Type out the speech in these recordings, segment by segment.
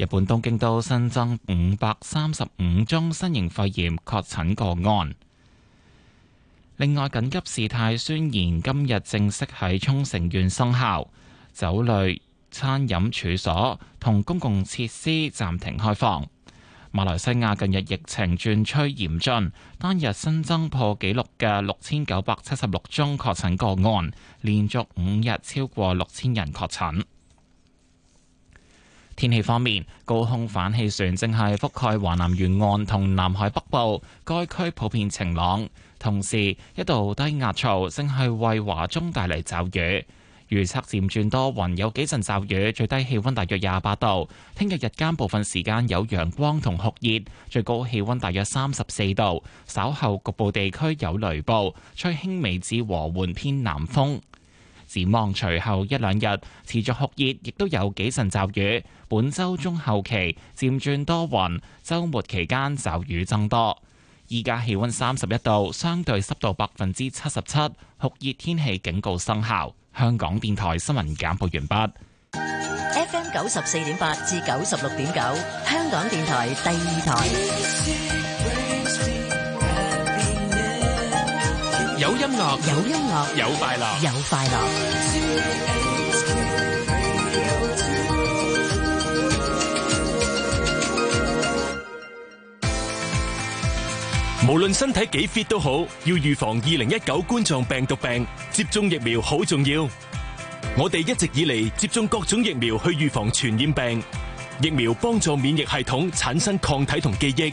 日本東京都新增五百三十五宗新型肺炎確診個案。另外，緊急事態宣言今日正式喺沖繩縣生效，酒類、餐飲處所同公共設施暫停開放。馬來西亞近日疫情轉趨嚴峻，單日新增破紀錄嘅六千九百七十六宗確診個案，連續五日超過六千人確診。天氣方面，高空反氣旋正係覆蓋華南沿岸同南海北部，該區普遍晴朗。同時，一度低壓槽正係為華中帶嚟驟雨，預測漸轉多雲，有幾陣驟雨，最低氣温大約廿八度。聽日日間部分時間有陽光同酷熱，最高氣温大約三十四度。稍後局部地區有雷暴，吹輕微至和緩偏南風。展望隨後一兩日持續酷熱，亦都有幾陣驟雨。本周中後期漸轉多雲，周末期間驟雨增多。依家氣溫三十一度，相對濕度百分之七十七，酷熱天氣警告生效。香港電台新聞簡報完畢。FM 九十四點八至九十六點九，香港電台第二台。有音樂，有音樂，有快樂，有快樂。無論身體幾 fit 都好，要預防二零一九冠狀病毒病，接種疫苗好重要。我哋一直以嚟，接種各種疫苗去預防傳染病，疫苗幫助免疫系統產生抗體同記憶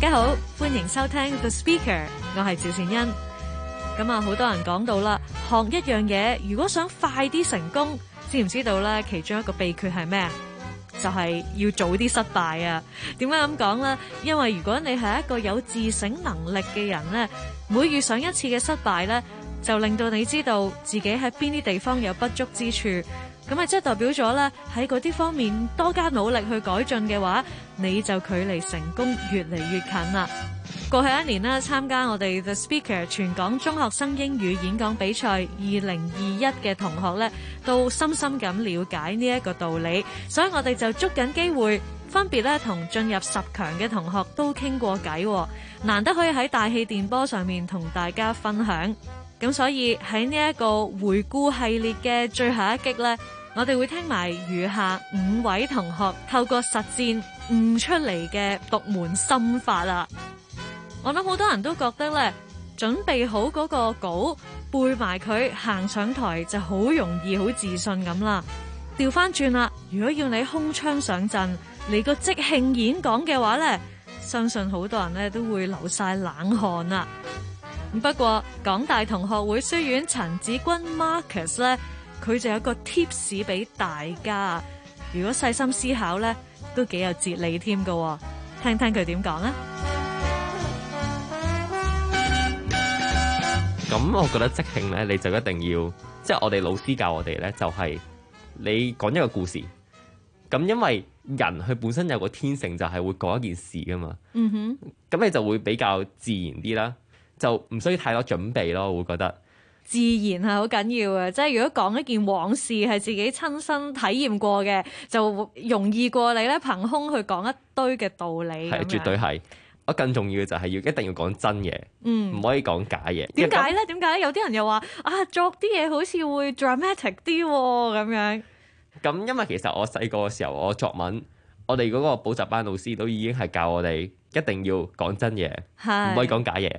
大家好，歡迎收聽 The Speaker，我係趙善恩。咁啊，好多人講到啦，學一樣嘢如果想快啲成功，知唔知道咧？其中一個秘訣係咩啊？就係要早啲失敗啊！點解咁講呢？因為如果你係一個有自省能力嘅人呢，每遇上一次嘅失敗呢，就令到你知道自己喺邊啲地方有不足之處。咁啊，即係代表咗咧，喺嗰啲方面多加努力去改進嘅話，你就距離成功越嚟越近啦。過去一年咧，參加我哋 The Speaker 全港中學生英語演講比賽二零二一嘅同學咧，都深深咁了解呢一個道理，所以我哋就捉緊機會，分別咧同進入十強嘅同學都傾過偈，難得可以喺大氣電波上面同大家分享。咁所以喺呢一個回顧系列嘅最後一擊咧。我哋會聽埋餘下五位同學透過實戰悟出嚟嘅獨門心法啦。我諗好多人都覺得咧，準備好嗰個稿背埋佢，行上台就好容易好自信咁啦。調翻轉啦，如果要你空槍上陣，嚟個即興演講嘅話咧，相信好多人咧都會流晒冷汗啦。不過港大同學會書院陳子君 Marcus 咧。佢就有一個 tips 俾大家，如果細心思考咧，都幾有哲理添噶，聽聽佢點講啦。咁我覺得即興咧，你就一定要，即係我哋老師教我哋咧，就係你講一個故事。咁因為人佢本身有個天性，就係會講一件事噶嘛。嗯哼。咁你就會比較自然啲啦，就唔需要太多準備咯，我會覺得。自然係好緊要嘅，即係如果講一件往事係自己親身體驗過嘅，就容易過你咧憑空去講一堆嘅道理。係，絕對係。我更重要嘅就係要一定要講真嘢，嗯，唔可以講假嘢。點解咧？點解咧？有啲人又話啊，作啲嘢好似會 dramatic 啲啊，咁樣。咁因為其實我細個嘅時候，我作文，我哋嗰個補習班老師都已經係教我哋一定要講真嘢，唔可以講假嘢。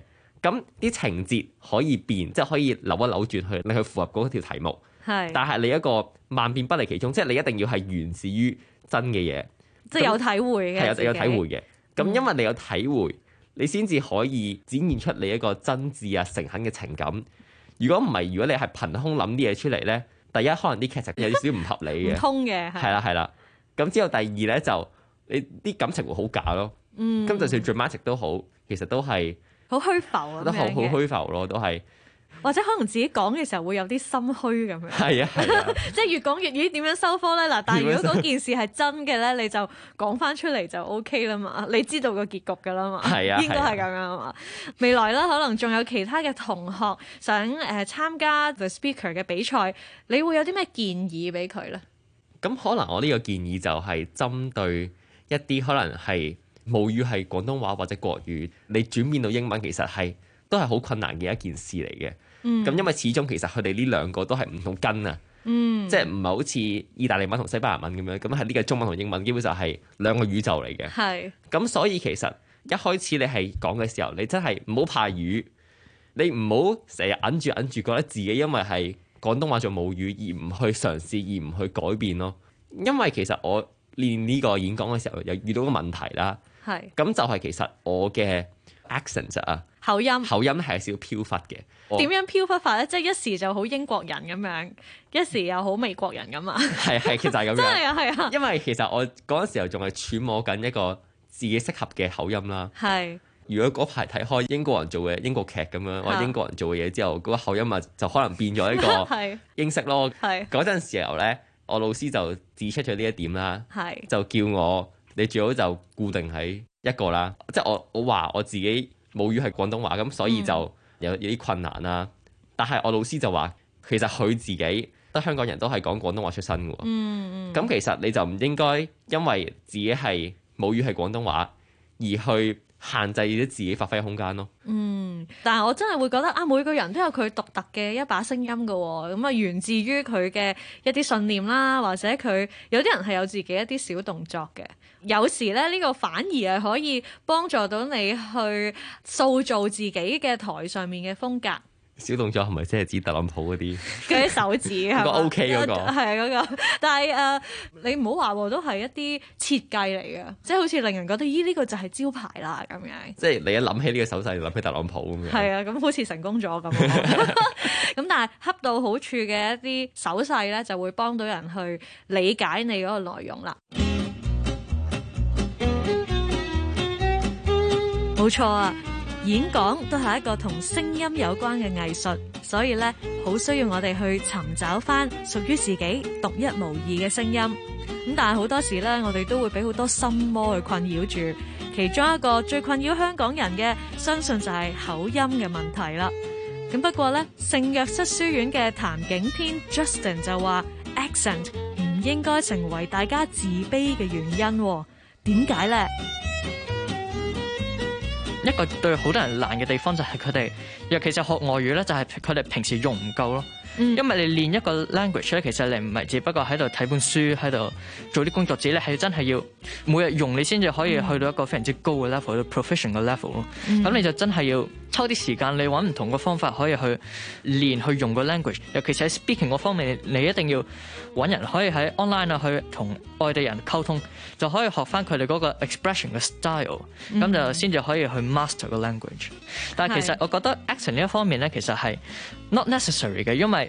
咁啲情節可以變，即係可以扭一扭轉去，你去符合嗰條題目。是但係你一個萬變不離其中，即係你一定要係源自於真嘅嘢，即係有體會嘅，己有有體會嘅。咁因為你有體會，你先至可以展現出你一個真摯啊誠懇嘅情感。如果唔係，如果你係憑空諗啲嘢出嚟咧，第一可能啲劇情有少少唔合理嘅，唔 通嘅係啦係啦。咁之後第二咧就你啲感情會好假咯。嗯，咁 就算最 match 都好，其實都係。好虛浮啊！覺得好好虛浮咯，啊，都係或者可能自己講嘅時候會有啲心虛咁樣。係 啊，啊 即係越講越語點樣收科咧嗱。但係如果嗰件事係真嘅咧，你就講翻出嚟就 OK 啦嘛。你知道個結局嘅啦嘛，啊、 應該係咁樣啊嘛。啊，未來啦，可能仲有其他嘅同學想誒參加 the speaker 嘅比賽，你會有啲咩建議俾佢咧？咁可能我呢個建議就係針對一啲可能係。母語係廣東話或者國語，你轉變到英文其實係都係好困難嘅一件事嚟嘅。咁、嗯、因為始終其實佢哋呢兩個都係唔同根啊，嗯、即係唔係好似意大利文同西班牙文咁樣，咁係呢個中文同英文基本上係兩個宇宙嚟嘅。咁是所以其實一開始你係講嘅時候，你真係唔好怕語，你唔好成日揞住揞住，覺得自己因為係廣東話做母語而唔去嘗試，而唔去改變咯。因為其實我練呢個演講嘅時候，又遇到個問題啦。咁是就係其實我嘅 accent 啊，口音，口音係有少少漂忽嘅，點樣漂忽法咧？即係一時就好英國人咁樣，一時又好美國人咁嘛。係係， 其實係咁樣，真係啊，係啊！因為其實我嗰陣時候仲係揣摩緊一個自己適合嘅口音啦。係是。如果嗰排睇開英國人做嘅英國劇咁樣，是我英國人做嘅嘢之後，嗰、嗰個口音咪就可能變咗一個英式咯。係。嗰陣時候咧，我老師就指出咗呢一點啦。係。就叫我。你最好就固定喺一個啦，即係我我話我自己母語係廣東話，咁所以就有有啲困難啦。但係我老師就話，其實佢自己得香港人都係講廣東話出身嘅喎。嗯，咁其實你就唔應該因為自己係母語係廣東話，而去限制咗自己發揮嘅空間咯。嗯。嗯、但係我真係會覺得啊，每個人都有佢獨特嘅一把聲音嘅喎、哦，咁啊源自於佢嘅一啲信念啦，或者佢有啲人係有自己一啲小動作嘅，有時咧呢、呢個反而係可以幫助到你去塑造自己嘅台上面嘅風格。小動作係咪即係指特朗普嗰啲嗰啲手指係咪 ？OK 嗰、嗰個啊嗰、嗰個，但係誒、呃、你唔好話都係一啲設計嚟嘅，即係好似令人覺得咦呢個就係招牌啦咁樣。即係你一諗起呢個手勢，就諗起特朗普咁樣。係啊，咁好似成功咗咁。咁 但係恰到好處嘅一啲手勢咧，就會幫到人去理解你嗰個內容啦。冇 錯啊！演講都係一個同聲音有關嘅藝術，所以咧好需要我哋去尋找翻屬於自己獨一無二嘅聲音。咁但係好多時咧，我哋都會俾好多心魔去困擾住。其中一個最困擾香港人嘅，相信就係口音嘅問題啦。咁不過咧，聖約瑟書院嘅譚景天 Justin 就話，accent 唔應該成為大家自卑嘅原因。點解咧？一個對好多人難嘅地方就係佢哋，尤其是學外語咧，就係佢哋平時用唔夠咯。因為你練一個 language 咧，其實你唔係只不過喺度睇本書，喺度做啲工作紙咧，係真係要每日用你先至可以去到一個非常之高嘅 level，professional 嘅 level 咯、mm。咁、hmm. mm hmm. 你就真係要抽啲時間，你揾唔同嘅方法可以去練去用個 language。尤其是喺 speaking 嗰方面，你一定要揾人可以喺 online 啊，去同外地人溝通，就可以學翻佢哋嗰個 expression 嘅 style、mm。咁、hmm. 就先至可以去 master 個 language。但係其實是我覺得 action 呢一方面咧，其實係 not necessary 嘅，因為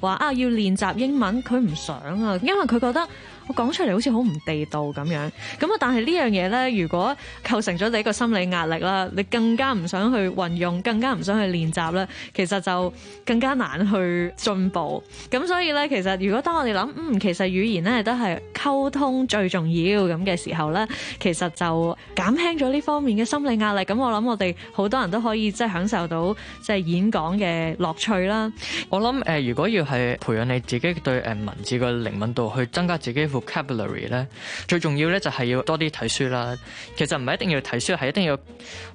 話啊，要練習英文，佢唔想啊，因為佢覺得我講出嚟好似好唔地道咁樣。咁啊，但係呢樣嘢呢，如果構成咗你個心理壓力啦，你更加唔想去運用，更加唔想去練習啦，其實就更加難去進步。咁所以呢，其實如果當我哋諗，嗯，其實語言呢都係溝通最重要咁嘅時候咧，其實就減輕咗呢方面嘅心理壓力。咁我諗我哋好多人都可以即係享受到即係演講嘅樂趣啦。我諗誒、呃，如果要係培養你自己對誒文字嘅靈敏度，去增加自己 vocabulary 咧，最重要咧就係要多啲睇書啦。其實唔係一定要睇書，係一定要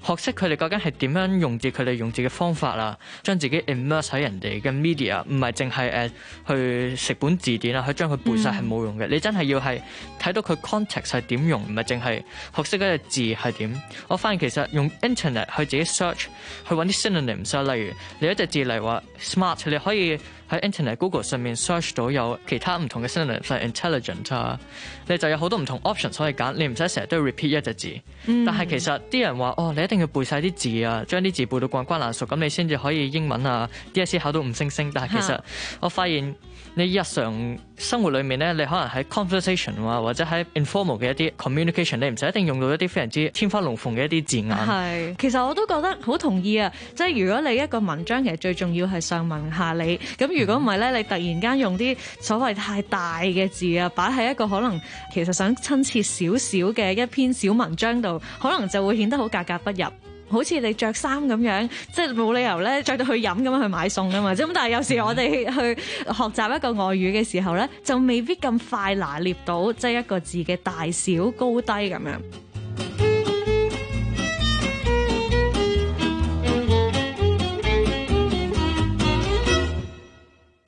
學識佢哋究竟係點樣用字，佢哋用字嘅方法啦，將自己 immerse 喺人哋嘅 media，唔係淨係誒去食本字典啊，去將佢背晒係冇用嘅。你真係要。要係睇到佢 context 係點用，唔係淨係學識嗰隻字係點。我發現其實用 internet 去自己 search，去搵啲 synonyms 啊，例如你一隻字，例如話 smart，你可以。喺 Internet Google 上面 search 到有其他唔同嘅 synonym，例如 intelligent 啊，你就有好多唔同 option 可以揀，你唔使成日都要 repeat 一隻字。嗯、但係其實啲人話哦，你一定要背晒啲字啊，將啲字背到滾瓜爛熟，咁你先至可以英文啊 DSE 考到五星星。但係其實我發現你日常生活裏面咧，你可能喺 conversation 啊，或者喺 informal 嘅一啲 communication，你唔使一定用到一啲非常之天花龍鳳嘅一啲字眼。係，其實我都覺得好同意啊！即係如果你一個文章其實最重要係上文下理咁。如果唔係咧，你突然間用啲所謂太大嘅字啊，擺喺一個可能其實想親切少少嘅一篇小文章度，可能就會顯得好格格不入。好似你着衫咁樣，即係冇理由咧着到去飲咁樣去買餸啊嘛。咁但係有時我哋去學習一個外語嘅時候咧，就未必咁快拿捏到，即係一個字嘅大小高低咁樣。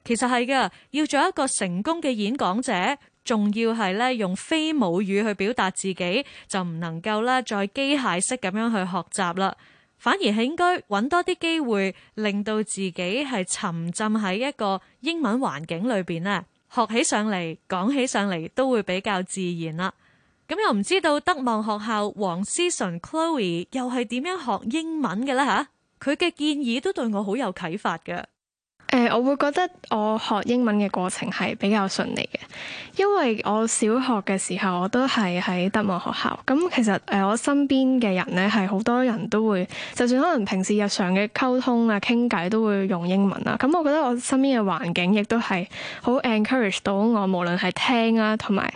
其實係噶，要做一個成功嘅演講者，仲要係咧用非母語去表達自己，就唔能夠再機械式咁樣去學習啦。反而係應該揾多啲機會，令到自己係沉浸喺一個英文環境裏邊咧，學起上嚟，講起上嚟都會比較自然啦。咁又唔知道德望學校黃思純 Chloe 又係點樣學英文嘅咧嚇？佢嘅建議都對我好有啟發嘅。誒、呃，我會覺得我學英文嘅過程係比較順利嘅，因為我小學嘅時候我都係喺德望學校。咁其實誒，我身邊嘅人咧係好多人都會，就算可能平時日常嘅溝通啊、傾偈都會用英文啦。咁我覺得我身邊嘅環境亦都係好 encourage 到我，無論係聽啊同埋。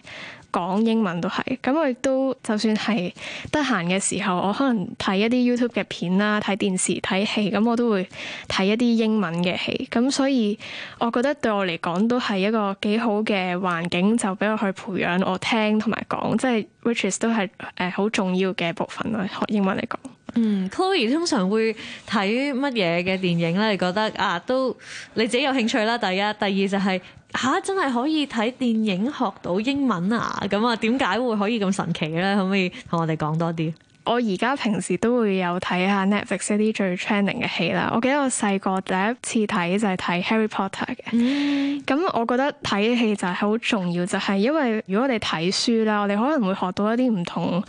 講英文都係，咁我亦都就算係得閒嘅時候，我可能睇一啲 YouTube 嘅片啦，睇電視睇戲，咁我都會睇一啲英文嘅戲。咁所以，我覺得對我嚟講都係一個幾好嘅環境，就俾我去培養我聽同埋講，即係 which is 都係誒好重要嘅部分啦。學英文嚟講。嗯 Chloe 通常會睇乜嘢嘅電影呢？你覺得啊，都你自己有興趣啦。第一，第二就係、是、吓、啊，真係可以睇電影學到英文啊！咁啊，點解會可以咁神奇呢？可唔可以同我哋講多啲？我而家平時都會有睇下 Netflix 啲最 trending 嘅戲啦。我記得我細個第一次睇就係睇 Harry Potter 嘅。咁、嗯、我覺得睇戲就係好重要，就係、是、因為如果我哋睇書啦，我哋可能會學到一啲唔同，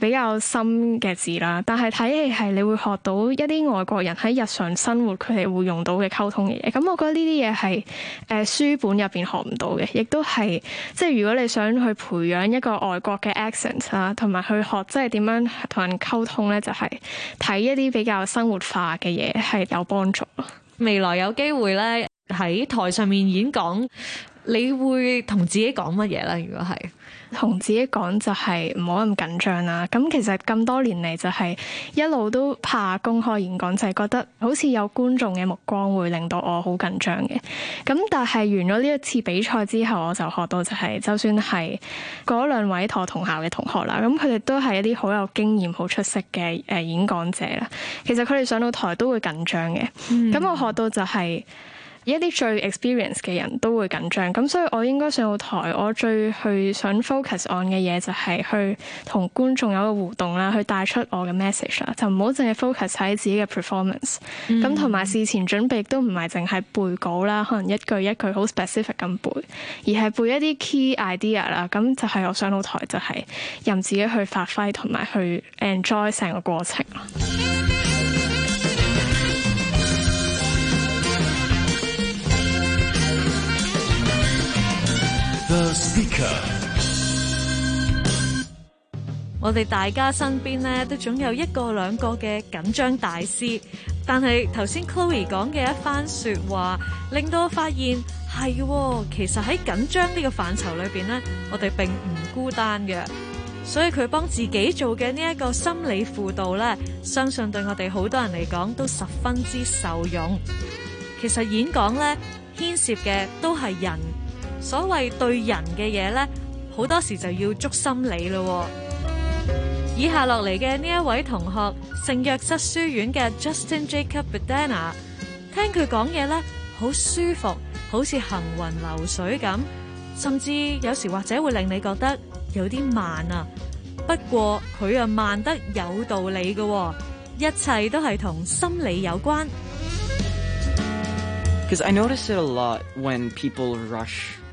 比較深嘅字啦，但係睇嚟戲係你會學到一啲外國人喺日常生活佢哋會用到嘅溝通嘅嘢。咁、嗯、我覺得呢啲嘢係誒書本入邊學唔到嘅，亦都係即係如果你想去培養一個外國嘅 accent 啦，同埋去學即係點樣同人溝通呢，就係、是、睇一啲比較生活化嘅嘢係有幫助。未來有機會呢，喺台上面演講，你會同自己講乜嘢咧？如果係？同自己講就係唔好咁緊張啦。咁其實咁多年嚟就係一路都怕公開演講，就係、是、覺得好似有觀眾嘅目光會令到我好緊張嘅。咁但係完咗呢一次比賽之後，我就學到就係、是，就算係嗰兩位同我同校嘅同學啦，咁佢哋都係一啲好有經驗、好出色嘅誒演講者啦。其實佢哋上到台都會緊張嘅。咁、嗯、我學到就係、是。一啲最 experience 嘅人都會緊張，咁所以我應該上到台，我最去想 focus on 嘅嘢就係去同觀眾有個互動啦，去帶出我嘅 message 啦，就唔好淨係 focus 喺自己嘅 performance。咁同埋事前準備都唔係淨係背稿啦，可能一句一句好 specific 咁背，而係背一啲 key idea 啦。咁就係我上到台就係任自己去發揮同埋去 enjoy 成個過程。The 我哋大家身邊咧，都總有一個兩個嘅緊張大師。但係頭先 Chloe 講嘅一番說話，令到我發現係，其實喺緊張呢個範疇裏邊呢，我哋並唔孤單嘅。所以佢幫自己做嘅呢一個心理輔導呢，相信對我哋好多人嚟講都十分之受用。其實演講呢牽涉嘅都係人。所謂對人嘅嘢呢，好多時就要捉心理咯、哦。以下落嚟嘅呢一位同學，聖約瑟書院嘅 Justin Jacob Bedena，聽佢講嘢呢，好舒服，好似行雲流水咁，甚至有時或者會令你覺得有啲慢啊。不過佢啊慢得有道理嘅、哦，一切都係同心理有關。Cause I notice it a lot when people rush.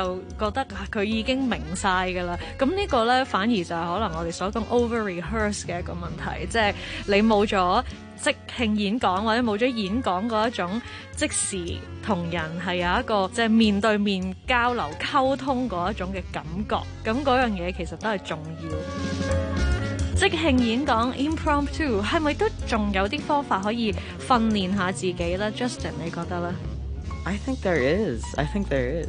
就覺得佢已經明晒㗎啦，咁呢個呢，反而就係可能我哋所講 over r e h e a r s e 嘅一個問題，即、就、係、是、你冇咗即興演講或者冇咗演講嗰一種即時同人係有一個即係面對面交流溝通嗰一種嘅感覺，咁嗰樣嘢其實都係重要。 即興演講 i m p r o m p t u 係咪都仲有啲方法可以訓練下自己呢？j u s t i n 你覺得呢 i think there is. I think there is.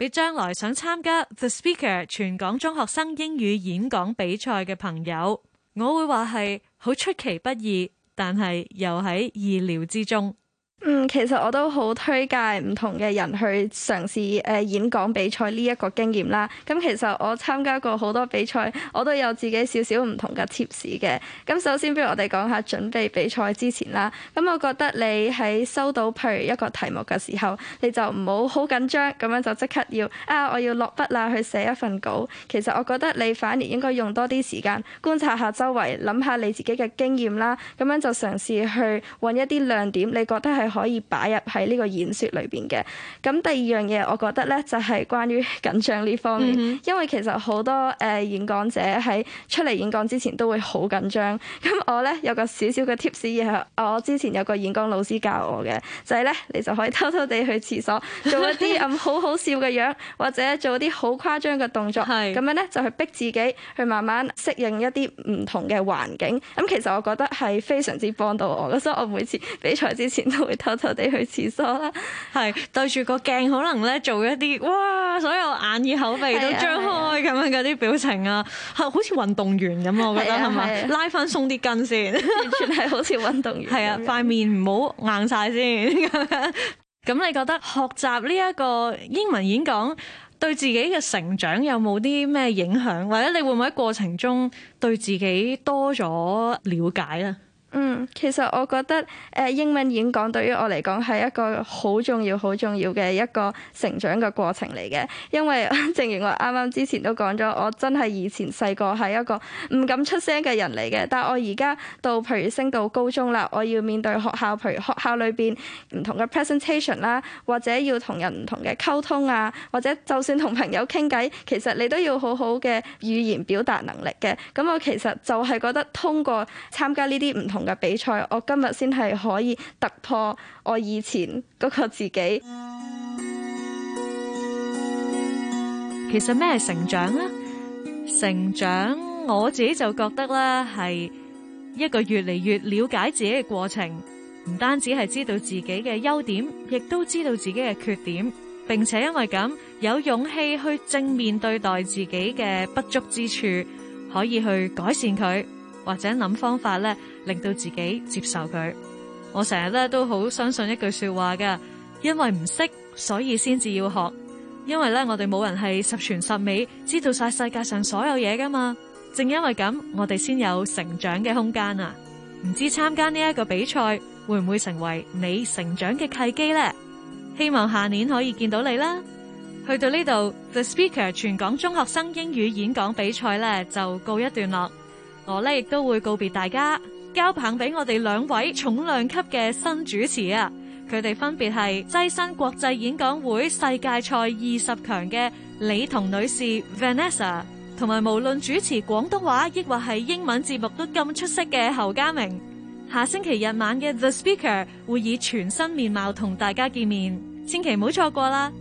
俾將來想參加 The Speaker 全港中學生英語演講比賽嘅朋友，我會話係好出其不意，但係又喺意料之中。嗯，其實我都好推介唔同嘅人去嘗試誒演講比賽呢一個經驗啦。咁其實我參加過好多比賽，我都有自己少少唔同嘅 tips 嘅。咁首先，不如我哋講下準備比賽之前啦。咁我覺得你喺收到譬如一個題目嘅時候，你就唔好好緊張，咁樣就即刻要啊我要落筆啦去寫一份稿。其實我覺得你反而應該用多啲時間觀察下周圍，諗下你自己嘅經驗啦，咁樣就嘗試去揾一啲亮點，你覺得係。可以擺入喺呢個演說裏邊嘅。咁第二樣嘢，我覺得咧就係、是、關於緊張呢方面，mm hmm. 因為其實好多誒演講者喺出嚟演講之前都會好緊張。咁我咧有個小小嘅 tips，亦係我之前有個演講老師教我嘅，就係、是、咧你就可以偷偷地去廁所做一啲咁好好笑嘅樣，或者做啲好誇張嘅動作，咁 樣咧就去逼自己去慢慢適應一啲唔同嘅環境。咁其實我覺得係非常之幫到我嘅，所以我每次比賽之前都會，偷偷哋去廁所啦，係 對住個鏡，可能咧做一啲哇，所有眼耳口鼻都張開咁樣嗰啲表情啊，係、啊、好似運動員咁，我覺得係咪拉翻鬆啲筋先，完 全係好似運動員。係 啊，塊面唔好硬晒先。咁 你覺得學習呢一個英文演講對自己嘅成長有冇啲咩影響，或者你會唔會喺過程中對自己多咗了解咧？嗯，其實我覺得誒、呃、英文演講對於我嚟講係一個好重要、好重要嘅一個成長嘅過程嚟嘅。因為正如我啱啱之前都講咗，我真係以前細個係一個唔敢出聲嘅人嚟嘅。但係我而家到譬如升到高中啦，我要面對學校譬如學校裏邊唔同嘅 presentation 啦，或者要同人唔同嘅溝通啊，或者就算同朋友傾偈，其實你都要好好嘅語言表達能力嘅。咁我其實就係覺得通過參加呢啲唔同。嘅比賽，我今日先係可以突破我以前嗰個自己。其實咩係成長呢？成長我自己就覺得啦，係一個越嚟越了解自己嘅過程。唔單止係知道自己嘅優點，亦都知道自己嘅缺點，並且因為咁有勇氣去正面對待自己嘅不足之處，可以去改善佢。或者諗方法咧，令到自己接受佢。我成日咧都好相信一句說話噶因為唔識所以先至要學。因為咧，我哋冇人係十全十美，知道晒世界上所有嘢噶嘛。正因為咁，我哋先有成長嘅空間啊。唔知參加呢一個比賽會唔會成為你成長嘅契機呢？希望下年可以見到你啦。去到呢度，The Speaker 全港中學生英語演講比賽咧就告一段落。我咧亦都會告別大家，交棒俾我哋兩位重量級嘅新主持啊！佢哋分別係躋身國際演講會世界賽二十強嘅李彤女士 Vanessa，同埋無論主持廣東話抑或係英文節目都咁出色嘅侯家明。下星期日晚嘅 The Speaker 會以全新面貌同大家見面，千祈唔好錯過啦！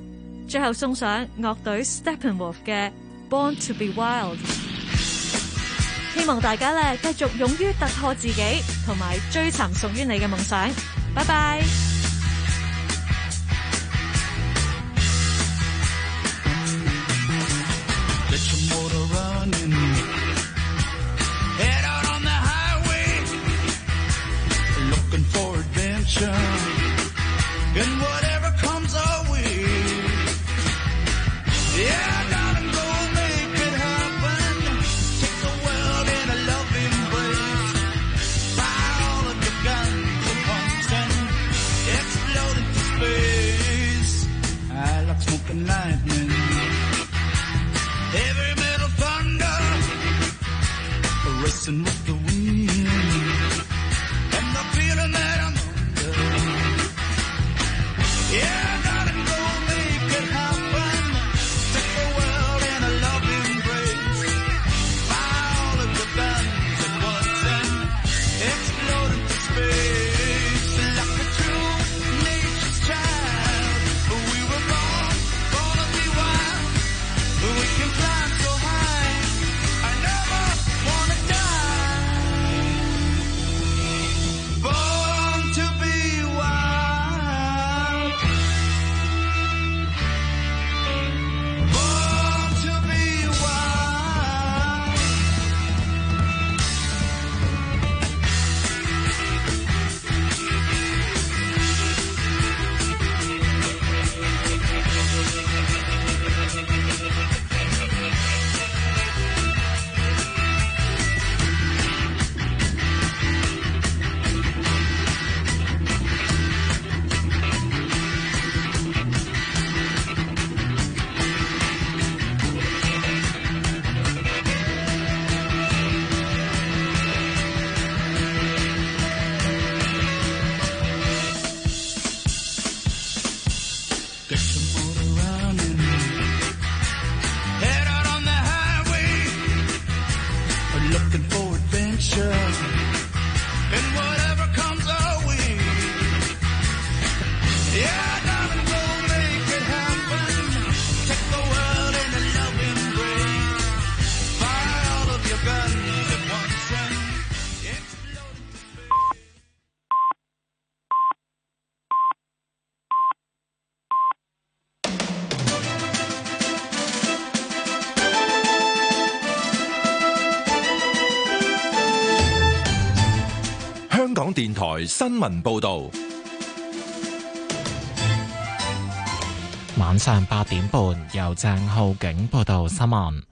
最後送上樂隊 Steppenwolf 嘅 Born to Be Wild。希望大家咧繼續勇於突破自己，同埋追尋屬於你嘅夢想。拜拜。香港電台新聞報道：晚上八點半，由鄭浩景報道新聞。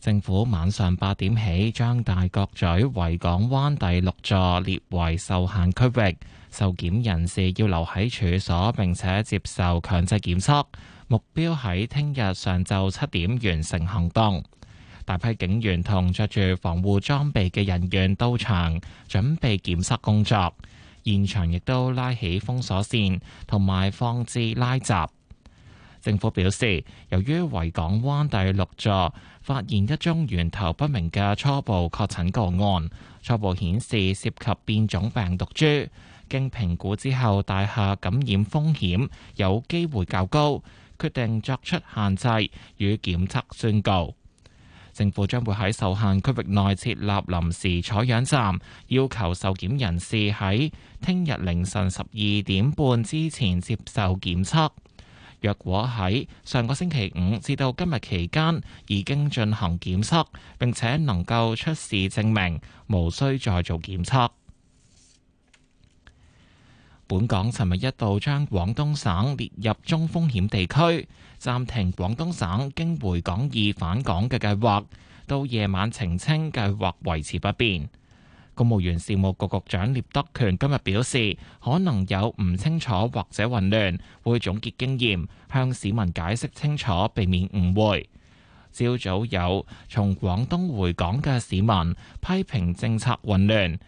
政府晚上八點起，將大角咀維港灣第六座列為受限區域，受檢人士要留喺處所，並且接受強制檢測。目標喺聽日上晝七點完成行動。大批警員同着住防護裝備嘅人員到場，準備檢測工作。現場亦都拉起封鎖線，同埋放置拉閘。政府表示，由於維港灣第六座發現一宗源頭不明嘅初步確診個案，初步顯示涉及變種病毒株。經評估之後，大廈感染風險有機會較高，決定作出限制與檢測宣告。政府將會喺受限區域內設立臨時採樣站，要求受檢人士喺聽日凌晨十二點半之前接受檢測。若果喺上個星期五至到今日期間已經進行檢測，並且能夠出示證明，無需再做檢測。本港尋日一度將廣東省列入中風險地區，暫停廣東省經回港易返港嘅計劃。到夜晚澄清，計劃維持不變。公務員事務局局長聶德權今日表示，可能有唔清楚或者混亂，會總結經驗，向市民解釋清楚，避免誤會。朝早有從廣東回港嘅市民批評政策混亂。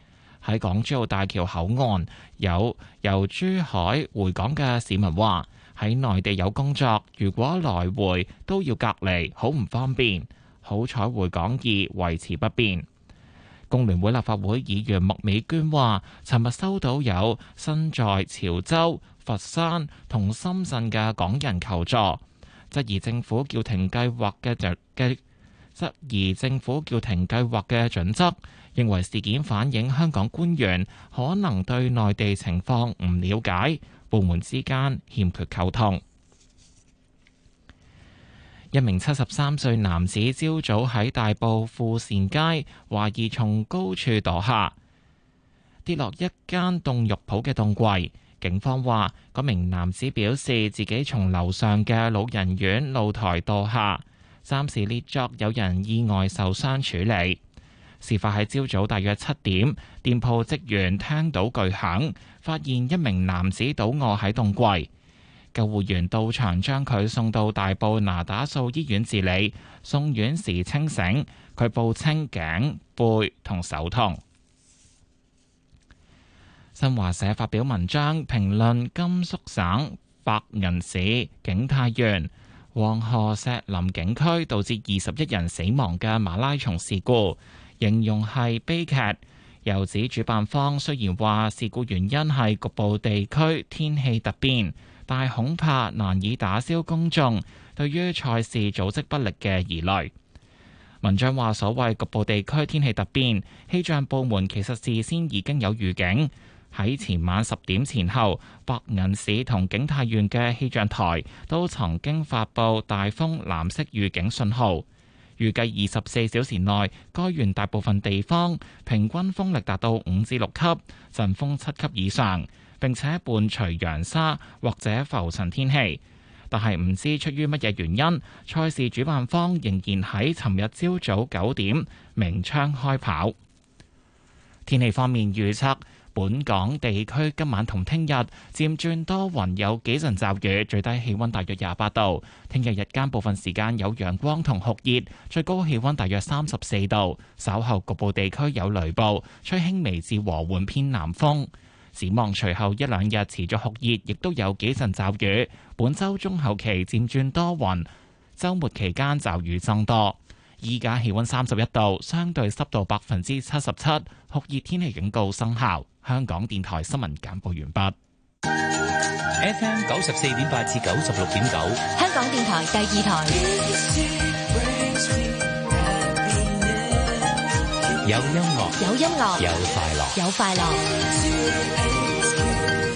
喺港珠澳大橋口岸有由珠海回港嘅市民話：喺內地有工作，如果來回都要隔離，好唔方便。好彩回港易維持不變。工聯會立法會議員麥美娟話：尋日收到有身在潮州、佛山同深圳嘅港人求助，質疑政府叫停計劃嘅準質，質疑政府叫停計劃嘅準則。認為事件反映香港官員可能對內地情況唔了解，部門之間欠缺溝通。一名七十三歲男子朝早喺大埔富善街，懷疑從高處墮下，跌落一間凍肉鋪嘅凍櫃。警方話，嗰名男子表示自己從樓上嘅老人院露台墮下，暫時列作有人意外受傷處理。事發喺朝早，大約七點，店鋪職員聽到巨響，發現一名男子倒卧喺凍櫃。救護員到場將佢送到大埔拿打素醫院治理，送院時清醒。佢報稱頸背同手痛。新華社發表文章評論：甘肅省白銀市景泰縣黃河石林景區導致二十一人死亡嘅馬拉松事故。形容係悲劇，又指主辦方雖然話事故原因係局部地區天氣突變，但係恐怕難以打消公眾對於賽事組織不力嘅疑慮。文章話：所謂局部地區天氣突變，氣象部門其實事先已經有預警。喺前晚十點前後，白銀市同景泰縣嘅氣象台都曾經發布大風藍色預警信號。預計二十四小時內，該縣大部分地方平均風力達到五至六級，陣風七級以上，並且伴隨揚沙或者浮塵天氣。但係唔知出於乜嘢原因，賽事主辦方仍然喺尋日朝早九點鳴槍開跑。天氣方面預測。本港地區今晚同聽日漸轉多雲，有幾陣驟雨，最低氣溫大約廿八度。聽日日間部分時間有陽光同酷熱，最高氣溫大約三十四度。稍後局部地區有雷暴，吹輕微至和緩偏南風。展望隨後一兩日持續酷熱，亦都有幾陣驟雨。本周中後期漸轉多雲，周末期間驟雨增多。依家氣溫三十一度，相對濕度百分之七十七，酷熱天氣警告生效。香港電台新聞簡報完畢。FM 九十四點八至九十六點九，香港電台第二台。有音樂樂，有音樂樂，有快樂， 有快樂。